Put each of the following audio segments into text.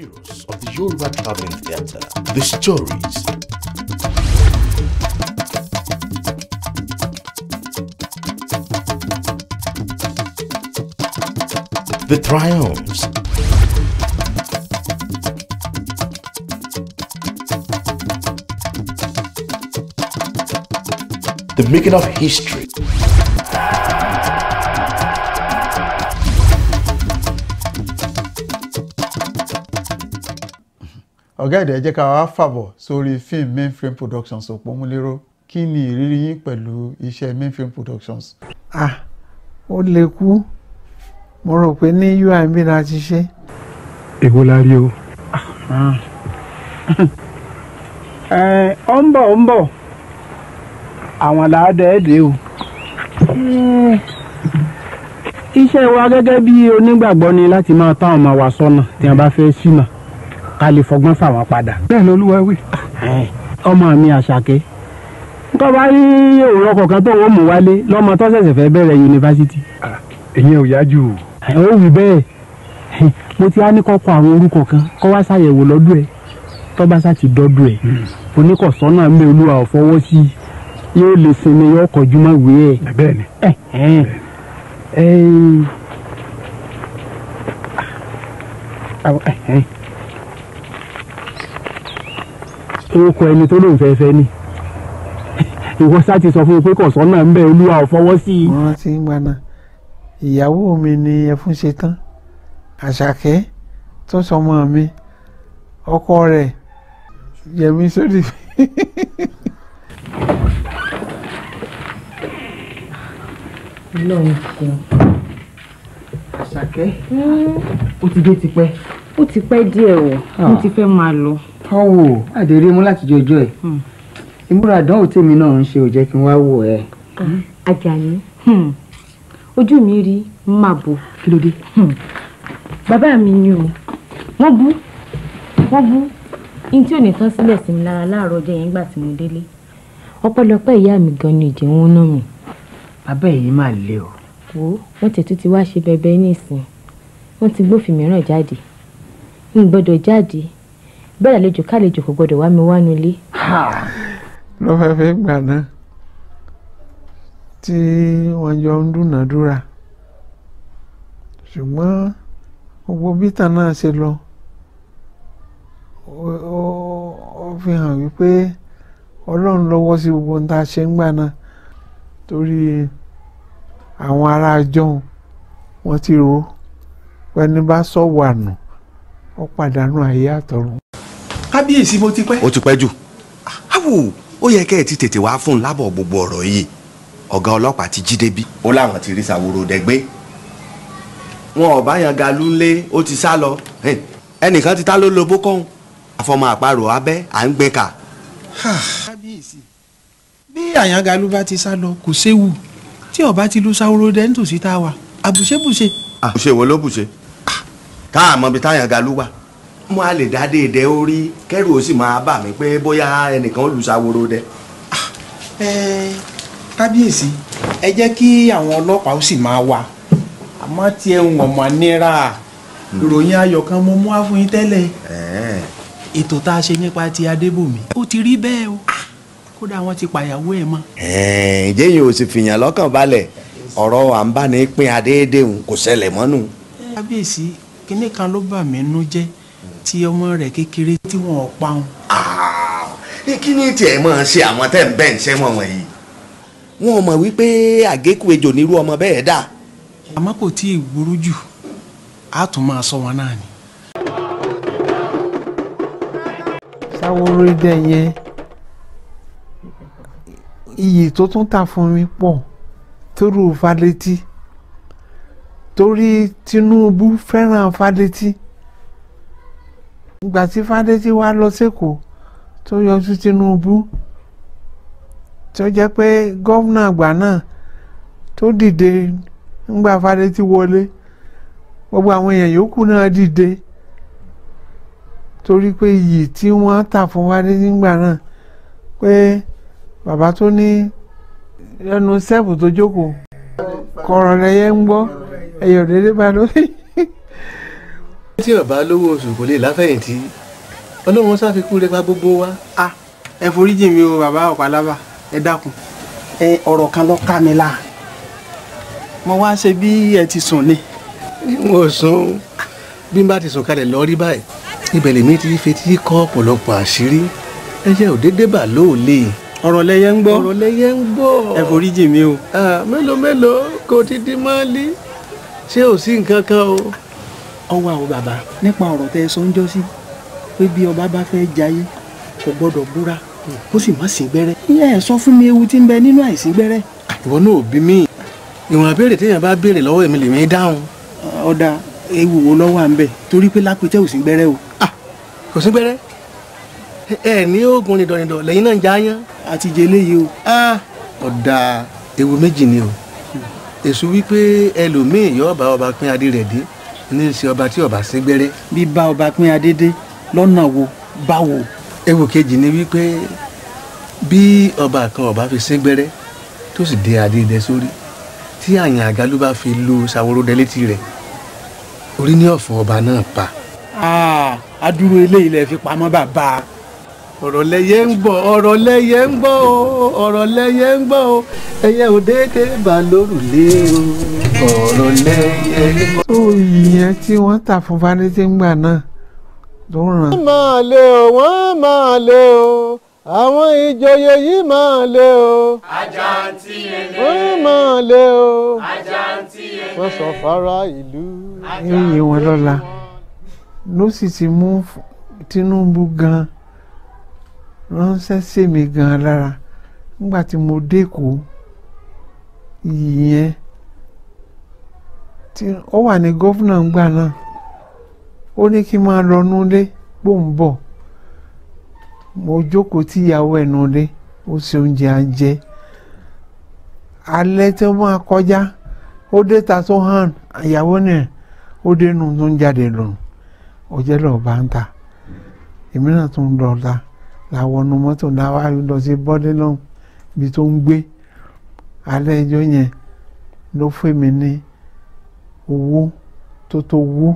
heroes of the Yoruba Traveling Theatre. The stories. The triumphs. The making of history. ọ̀gá ẹ̀dẹ̀ jẹ́ ká wá fàbọ̀ sórí fíìmù Mainframe Productions Òpómúléró kí ni ìrírí yín pẹ̀lú iṣẹ́ Mainframe Productions. ah ó lè kú mo rò pé ní UIMB la ti ṣe. èwo la rí o. ọ ń bọ̀ ọ ń bọ̀ àwọn làádẹ́ẹ̀dẹ́ o iṣẹ́ wa gẹ́gẹ́ bí onígbàgbọ́ ni láti máa tọ́ àwọn ọmọ wa sọ́nà tí wọ́n bá fẹ́ ṣìnà. Si ká lè fọgbọ́n fà wọ́n padà. bẹ́ẹ̀ ni olúwa wí. ọmọ mi àṣàkẹ́ tó bá rí òwúrọ̀ kọ̀ọ̀kan tó wọ́n mú wálé lọ́mọ tó ṣẹ̀ṣẹ̀ fẹ́ bẹ̀rẹ̀ yunifásitì. ìyẹn ò yájú o. ó wí bẹ́ẹ̀ mo ti á ní kọ́kọ́ àwọn orúkọ kan kọ́ wá ṣàyẹ̀wò lọ́dún ẹ̀ tó bá ṣá ti dọ́dún ẹ̀ hmm. oníkọ̀sọ́nà mi olúwa ò fọwọ́ sí i yóò lè sinmi yóò kọjú mọ́ ìwé ẹ̀. bẹ́ẹ̀ni. ẹ ẹ ẹ. orúkọ ẹni tó lóun fẹ́ fẹ́ ni ìwọ sá ti sọ fún mi pé kọ̀sán náà ń bẹ olúwa ò fọwọ́ sí i. wọ́n ti ń gbaná ìyàwó mi ni ẹfun ṣe tán àṣàkẹ́ tó sọmọ mi ọkọ rẹ̀ yẹmi sódì. ọlọ́run kan àṣàkẹ́ ó ti dé tipẹ́. ó ti pẹ́ díẹ̀ o mo ah. ti fẹ́ máa lọ tán wò àdèrè mú láti jọjọ́ ẹ̀ hmm. ìmúra àdánwò tèmi náà ń ṣe ò jẹ́ kí n wá wò ẹ́. Hmm. Àjàní hmm. ojú mi rí máa bò kí ló dé. bàbá mi ni o wọ́n bú wọ́n bú ní tí ò ní tán sílẹ̀ sí mi lára láàárọ̀ ọjọ́ yẹn gbà tí mo délé ọ̀pọ̀lọpọ̀ ìyá mi gan ni ìjẹun náà mi. bàbá èyí máa le o. wo wọ́n tètú ti wá ṣe bẹbẹ nísìn wọ́n ti gbófin mìíràn jáde n gbọ́dọ̀ jáde bẹ́ẹ̀ lálejò kálejò kò gbọ́dọ̀ wá mi wá nu ilé. ló fẹ́ fẹ́ gbà náà tí wọ́n jọ ń dúnàádúrà ṣùgbọ́n gbogbo bítà náà ṣe lọ ó fi hàn wípé ọlọ́run lọ́wọ́ sí gbogbo ohun tá a ṣe ń gbà náà torí àwọn ará jọ̀hún wọ́n ti rò pẹ́ni bá sọ̀wọ́ àná ó pàdánù ayé àtọ̀run kábíyèsí mo ti pẹ́. ó ti pẹ́ jù àwò ah, ó yẹ kẹ́ ẹ ti tètè wá fún un lábọ̀ gbogbo ọ̀rọ̀ yìí ọ̀gá ọlọ́pàá ti jí débi. ó láwọn ti rí Sàwòrò dẹ́gbẹ́ wọn ò bá yan galu ńlé ó ti sá lọ ẹnìkan ti ta ló lobó kọ́hún àfọmọ àparò abẹ́ à ń gbẹ̀ka. kábíyèsí bí àyàngalú bá ti sá lọ kò séwu tí ọba ti lu Sàwòrò dẹ́ nítòsí tá a wà àbùṣebùṣe. àbùṣe wo ló bùṣe káà ah, mọ̀ bí táyàngalú wà. mo a lè dá déédé orí kẹ́rù ó sì máa bà mí pé bóyá ẹnìkan ó lù sáworo dẹ. Ah. kábíyèsí ẹ jẹ́ kí àwọn ọlọ́pàá ó sì máa wà àmọ́ tí ẹ ń wọ̀n mọ́ nira hmm. ìròyìn ayọ̀ kan mo mú wá fún tẹ́lẹ̀ ètò tá a ṣe nípa ti adébòmí O ti rí bẹ́ẹ̀ o ah. kódà wọ́n ti pàyàwó ẹ̀ mọ́. ǹjẹ́ yìí ò sì fìyàn lọ́kàn balẹ̀ ọ̀rọ̀ à ń bá ní pín adéédéhùn kò ṣẹlẹ̀ mọ́nù. kábíyèsí kinní kan ló bà mí nú jẹ́ àti ọmọ rẹ̀ kékeré tí wọ́n pa wọn. kí ni tiẹ̀ máa ṣe àwọn tẹ́ ń bẹ́ẹ̀ ń ṣẹ́ wọn wọ̀nyí. wọn ò mọ̀ wípé àgékù ejò nírú ọmọ bẹ́ẹ̀ dà. àmọ́ kò tí ì burú jù á tún máa sọ wọn náà ni. sáwóró dẹ́yẹ iyì tó tún ta fún mi pọ̀ tóró Fálétí torí Tinubu fẹ́ràn Fálétí. ìgbà tí Fádésí wá lọ sẹ́kọ̀ọ́ tó yọjú Tinubu tó jẹ́ pé gómìnà àgbà náà tó dìde ńgbà Fádésí wọlé gbogbo àwọn èèyàn yòókù náà dìde torí pé iyì tí wọ́n tà fún Fádésí ńgbà náà pé bàbá tó ní ẹnu sẹ́ẹ̀bù tó jókòó kọ̀rọ̀ lẹ́yẹ ń gbọ́ ẹ̀yọ̀ bá tí ọba lówó oṣù kò lè láfẹ̀yìntì ọlọ́run ṣàfikún rẹ pa gbogbo wa. a ẹ foríjì mi o bàbá ọ̀pálábà ẹ dákun ẹ ọ̀rọ̀ kan ló ká mi láà mo wá ṣe bí ẹ ti sùn ni. mo sùn bí n bá ti sùn kalẹ̀ lọ rí báyìí ibẹ̀ lèmi ti fetí kọ́ ọ̀pọ̀lọpọ̀ àṣírí ẹyẹ ò déédéé bà lóòlè. ọ̀rọ̀ lẹyẹ ń gbọ́ ọ̀rọ̀ lẹyẹ ń gbọ́ ẹ foríjì mi o. mélòó mélòó kò ti di mọ́ọ́lí ṣé ò sí nǹkan kan o ọwọ́ àwọn bàbá nípa ọ̀rọ̀ tẹ́ ẹ sọ ń jọ sí pé bí ọba bá fẹ́ jayé kò gbọ́dọ̀ búra kó sì má sí gbẹ́rẹ́. ìyá ẹ̀ sọ fún mi ewu tí ń bẹ nínú àìsí gbẹ́rẹ́. ìwọ náà ò bí mi ìwọ̀n àbèrè téèyàn bá béèrè lọ́wọ́ èmi lèmi dáhùn. ọ̀dà ewu wo lọ́wọ́ à ń bẹ̀ torí pé lápẹ́tẹ́ ò sí gbẹ́rẹ́ o. kò sí gbẹ́rẹ́ ẹ ní oògùn nìdọ̀nìdọ̀ lẹ́yìn náà ń já yán. àti jẹ eléyìí o. ọ̀dà ewu méjì ni o èso wípé ẹlòmíì yọ ọba ọba pín adé rẹ̀ dé ní í ṣe ọba tí ọba sí gbére. bí bá ọba pín adédé lọ́nà wo báwo. ewu kejì ni wípé bí ọba kan ọba fi sí gbére tó sì dé adédé sórí tí àyàn àgálù bá fi lu ṣàwòrán létí rẹ̀ orí ní ọ̀fọ̀ ọba náà pa. àdúró eléyìí lè fi pamọ́ bàbá ọ̀rọ̀ lẹ́yẹ ń gbọ́ ọ̀rọ̀ lẹ́yẹ ń gbọ́ o ọ̀rọ̀ lẹ́yẹ ń gbọ́ o ẹyẹ ò déédé bà lórùlé o ọ̀rọ̀ lẹ́yẹ ń gbọ́. ó ìyẹn tí wọ́n tà fún fanití ńgbà náà tó ràn. wọ́n máa lé o wọ́n máa lé o àwọn ìjòyè yìí máa lé o. ajá ń tí yẹlé. wọ́n máa lé o. ajá ń tí yẹlé. wọ́n sọ fara ìlú. ajá ń tí yẹlé. ní iye wọn lọ́la ló sì ti mú Tinubu gan-an. ránṣẹ́ sí mi gan-an lára nígbà tí mo dẹ́kọ̀ọ́ ìyẹn tí ó wà ní gọ́fúnà ńgbà náà ó ní kí n máa lọ nulẹ̀ gbòǹbọ̀ mo jókòó tí ìyàwó ẹ̀ nulẹ̀ ó ṣe oúnjẹ à ń jẹ alẹ́ tí ó máa kọjá ó dé ta tó hàn ìyàwó náà ó dé nu tó ń jáde ọjọ́ lọ́ọ́ làwọn ọ̀nà mọ́tò dáwà lọ sí bọ́dé lọ́hùn ibi tó ń gbé alẹ́ ẹjọ́ yẹn ló fún mi ní owó tó tó wó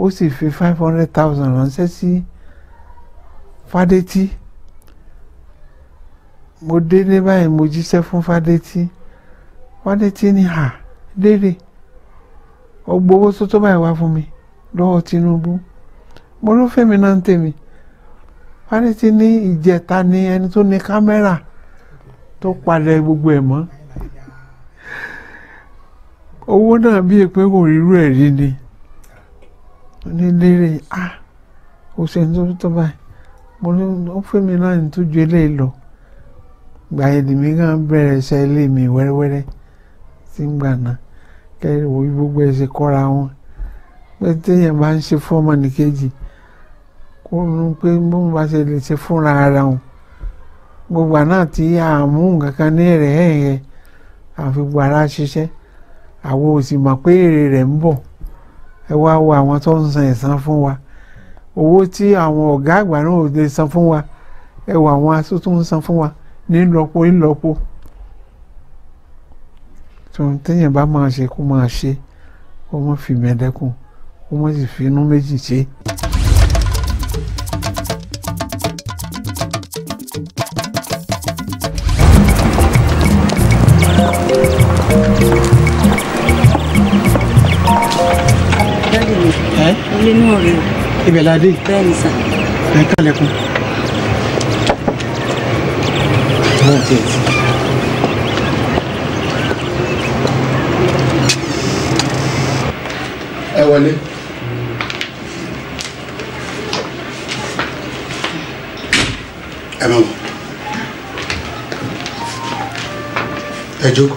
ó sì fi five hundred thousand ránṣẹ́ sí Fádétí mo délé báyìí mo jíṣẹ́ fún Fádétí Fádétí ní hà léèrè ó gbowó tó tó báyìí wá fún mi lọ́wọ́ Tinubu mo ló fẹ́mi náà ń tèmi. wọ́n ní ti ní ìjẹta ni ẹni tó ní kámẹ́rà tó palẹ̀ gbogbo ẹ̀ mọ́ owó náà bí èpè kò rírú ẹ̀ rí ni onílérè a ó ṣe tó tó báyìí mo ní ó fẹ́ mi náà ní tó eléyìí lọ gbà èdèmí kan bẹ̀rẹ̀ ṣe ilé mi wẹ́rẹ́wẹ́rẹ́ tí ń gbà náà kẹ́rin gbogbo ẹ̀ ṣe kọ́ra wọn pé téèyàn bá ń ṣe nìkejì. ó nu pé bó ń bá ṣe lè ṣe fúnra ara wọn gbogbo àná tí a mú nǹkan kan ní èrè ẹ̀yẹ àfi gbogbo ara ṣiṣẹ́ àwọn ò sì mọ̀ pé èrè rẹ̀ ń bọ̀ ẹ wá wo àwọn tó ń san ẹ̀san fún wa owó tí àwọn ọ̀gá àgbà náà ò lè san fún wa ẹ wo àwọn aṣọ tó ń san fún wa ní lọ́pọ̀ ìlọ́po tòun téèyàn bá máa ṣe kó máa ṣe kó má fi mẹ́ẹ̀ẹ́dẹ́kùn kó má sì fi inú méjì ṣe. ibẹ̀ la dé bẹ́ẹ̀ni sà ẹ kálẹ̀kùn. náà tiẹ̀ tí. ẹ wọlé. ẹ máa wọ. ẹ jókòó.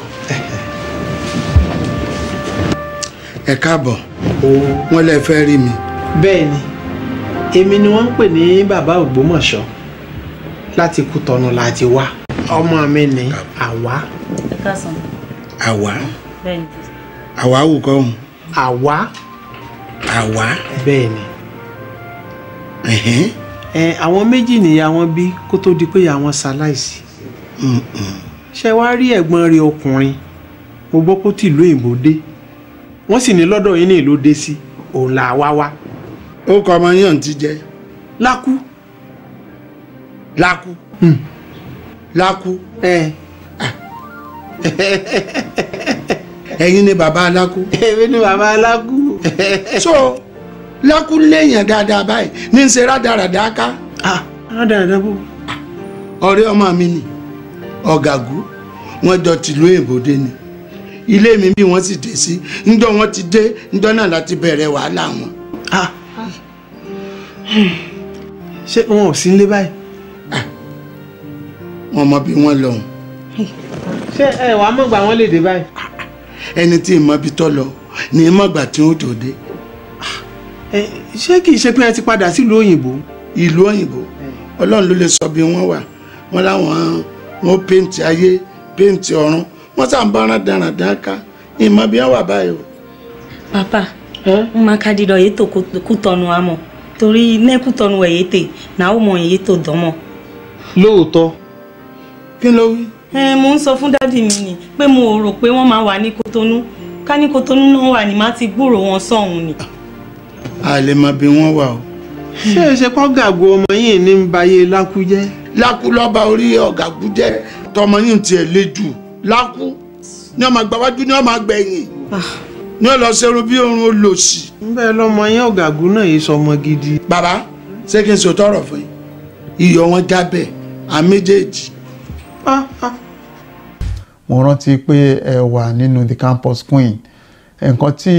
ẹ káàbọ̀ wọ́n lè fẹ́ rí mi. bẹ́ẹ̀ ni èmi ni wọ́n ń pè ní bàbá Ògbómọ̀ṣọ́ láti Kútọ̀nù láti wá ọmọ mi ní àwa. àwa àwa wù kọ́ ọ̀hún. àwa. àwa. bẹ́ẹ̀ ni. àwọn méjì nìyá wọn bí kó tó di pé ìyá wọn ṣaláìsí. ṣé wàá rí ẹ̀gbọ́n rẹ̀ ọkùnrin mo gbọ́ pé tìlú òyìnbó dé wọ́n sì ní lọ́dọ̀ yín ní ìlú dé sí òun là wá wá ó kọ ọmọ yàn ti jẹ lákú lákú hmm. lákú ẹ̀yin ni bàbá alákú. èmi ni bàbá alákú. so lákú léèyàn dáadáa báyìí ní ń ṣe rádaràdá ká. rádaràdá bò. ọ̀rẹ́ ọmọ mi ni ọ̀gàgù wọ́n jọ tìlú èbó ni ilé mi bí wọ́n sì dé sí ńjọ́ wọ́n ti dé ńjọ́ náà láti bẹ̀rẹ̀ wàhálà wọn ṣé wọn ò sí nílé báyìí. wọn mọ bí wọn lọ. ṣé ẹ wàá mọ̀ gbà wọ́n lè dé báyìí. ẹni tí ìmọ̀ bí tọ́ lọ ni ìmọ̀ gbà tí ó tó dé. ṣé kì í ṣe pé ẹ ti padà sílùú òyìnbó. ìlú òyìnbó ọlọ́run ló lè sọ bí wọ́n wà wọ́n láwọn wọn péǹtì ayé péǹtì ọ̀run wọ́n sà bá ọ̀ràn dáradára ká ìmọ̀ bí wọ́n wà báyìí o. bàbá mo máa ka dídọ̀ yìí tó kú tọnu àmọ́ torí nẹ́kù tọnu ẹ̀yẹ tè náà ó mọ ẹ̀yẹ tó dánmọ̀. lóòótọ́ kí ló wí. ẹ mo ń sọ fún dádì mi ni pé mo rò pé wọ́n máa wà ní Kotonu ká ní Kotonu náà wà ní má ti gbúrò wọn sọ̀hún ni. a lè mọ bí wọ́n wà o. ṣé ẹ ṣe kọ́ gàgò ọmọ yìí ní ń bayé lákú jẹ́. lákú lọ́ba orí ọ̀gàgù jẹ́ tọmọ yìí tiẹ̀ le jù lákú ni ọmọ àgbàwájú ni ọmọ àgbẹ̀yìn. Ah ní ọlọ ṣerun bí oorun olòṣì. ń bẹ́ẹ̀ lọ́mọ yẹn ọ̀gágun náà yìí sọmọ gidi. bàbá ṣé kí n sọ tọrọ fún yín iyọ̀ wọn jábẹ̀ à méjèèjì. mo rántí pé ẹ wà nínú the campus queen nǹkan tí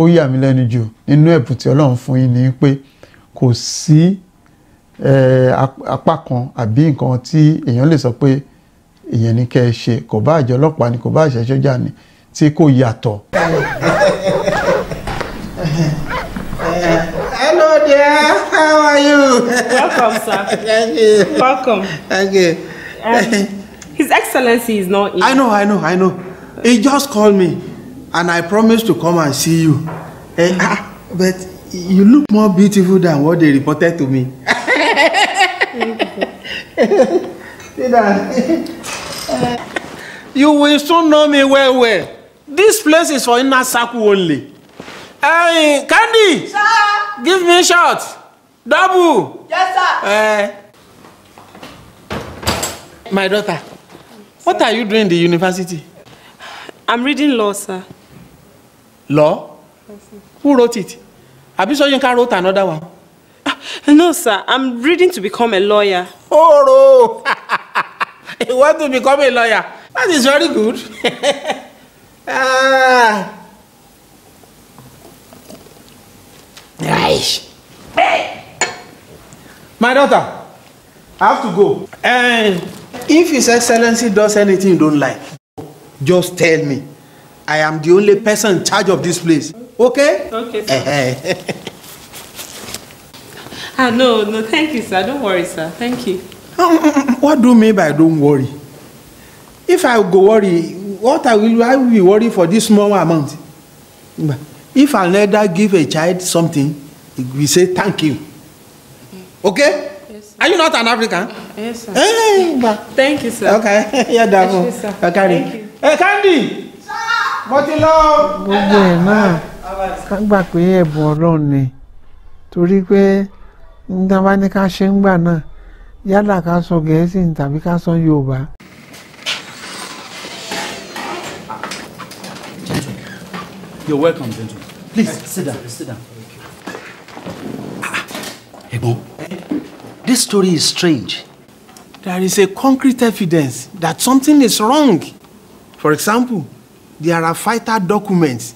ó yà mí lẹ́nu jù nínú ẹ̀bùn tí ọlọ́run fún yín ni pé kò sí apá kan àbí nǹkan tí èèyàn lè sọ pé èèyàn ní kẹ́ ẹ ṣe kò bá àjọ ọlọ́pàá ni kò bá àṣẹ sójà ni tí kò yàtọ̀. hello there how are you. welcome sir. thank you. welcome. thank you. Um, his excellency is not here. i know i know i know he just called me and i promised to come and see you. Hey, eh, ah, but you look more beautiful than what they reported to me. you will soon know me well well. This place is for inner circle only. Hey, Candy! Sir! Give me a shot. Double! Yes, sir! Uh, my daughter, what are you doing in the university? I'm reading law, sir. Law? Who wrote it? Have Abi Soyinka wrote another one. Uh, no, sir. I'm reading to become a lawyer. Oh, no! you want to become a lawyer? That is very good. Ah. Hey. My daughter, I have to go. And eh, if His Excellency does anything you don't like, just tell me. I am the only person in charge of this place. Okay? Okay. Sir. Eh, eh. ah, no, no, thank you, sir. Don't worry, sir. Thank you. Um, um, um, what do you mean by don't worry? If I go worry, what I will I will be worried for this small amount if an never give a child something we say thank you okay yes, sir. are you not an African. yes sir. Hey, eh, thank you sir. okay Yeah, Okay. Thank you. ẹ eh, Candy mo ti lọ. gbogbo ẹ̀ náà ká gbà pé ẹ̀bùn Ọlọ́run ni torí pé ń dábàá ní ká ṣe ń gbà náà yálà ká sọ Gẹ̀ẹ́sì tàbí ká sọ Yorùbá You're welcome, gentlemen. Please sit down. Sit down. Ah, ah. Ebo, this story is strange. There is a concrete evidence that something is wrong. For example, there are fighter documents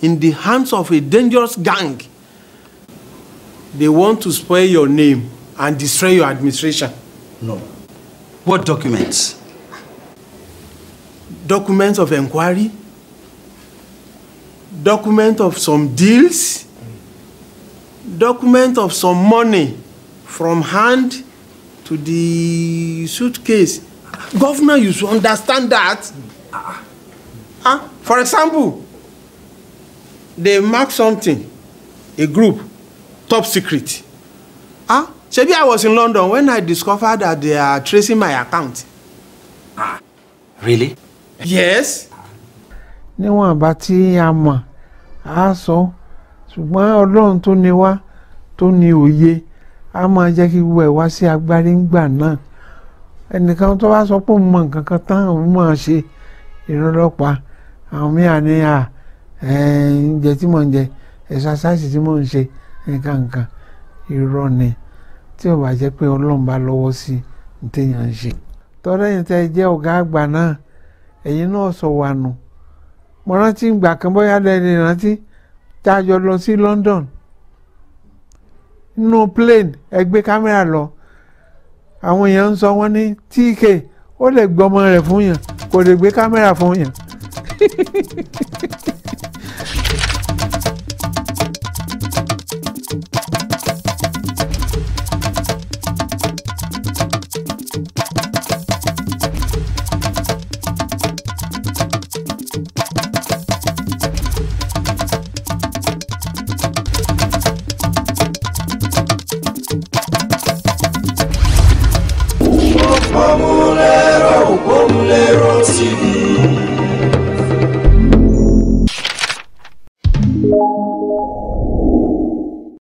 in the hands of a dangerous gang. They want to spoil your name and destroy your administration. No. What documents? Documents of inquiry, document of some deals, document of some money from hand to the suitcase. Governor, you should understand that. Uh, for example, they mark something, a group, top secret. Ah, maybe I was in London when I discovered that they are tracing my account. Ah, really? Yes. àbá tí a mọ̀ á sọ ṣùgbọ́n ọlọ́run tó ní wá tó ní òye a máa jẹ́ kí ẹ̀ wá sí agbárí náà ẹnìkan tó wá sọ pé òun nǹkan kan tán òun ṣe ìrànlọ́pàá àwọn míràn ní à tí mò ń jẹ tí mò ń ṣe nǹkan nǹkan irọ́ ni tí ò bá jẹ́ pé ọlọ́run bá lọ́wọ́ sí ní téèyàn sọ wà nù. mo rántí ìgbà kan bóyá lẹ́ni rántí tá a jọ lọ sí London nínú plane ẹgbẹ́ kámẹ́rà lọ àwọn èèyàn ń sọ wọ́n ní TK ó lè gbọmọ rẹ̀ fún yàn kò lè gbé kámẹ́rà fún yàn.